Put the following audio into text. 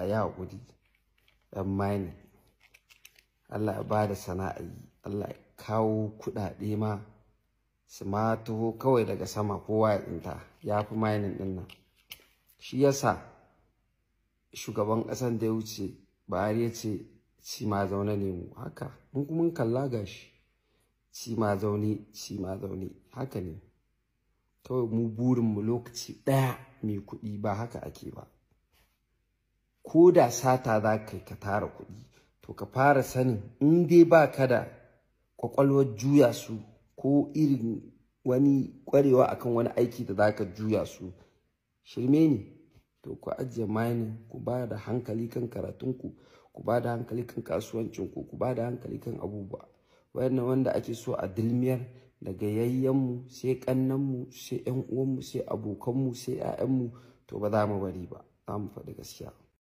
a yi haƙuri ɗan mani Allah ya bada sana'a yi Allah ya kawo kuɗaɗe ma su ma taho kawai daga sama kowa ya tsinta ya fi mining ɗin nan shi sa shugaban ƙasan da ya wuce Buhari ya ce ci ma zaune ne mu haka in kuma kalla gashi ci ma zaune ci ma zaune haka ne kawai mu burinmu lokaci ɗaya mai kuɗi ba haka ake ba ko da sata za ka yi ka tara kuɗi to ka fara sanin in dai ba ka da kwakwalwar juya su ko irin wani kwarewa akan wani aiki da za ka juya su shirme ne to ku ajiye mining ku ba da hankali kan karatunku ku ba da hankali kan kasuwancinku ku ba da hankali kan abubuwa wannan wanda ake so a dilmiyar daga yayyanmu sai kannanmu sai yan uwanmu sai abokanmu sai 'ya'yanmu to ba za mu bari ba za mu faɗi gaskiya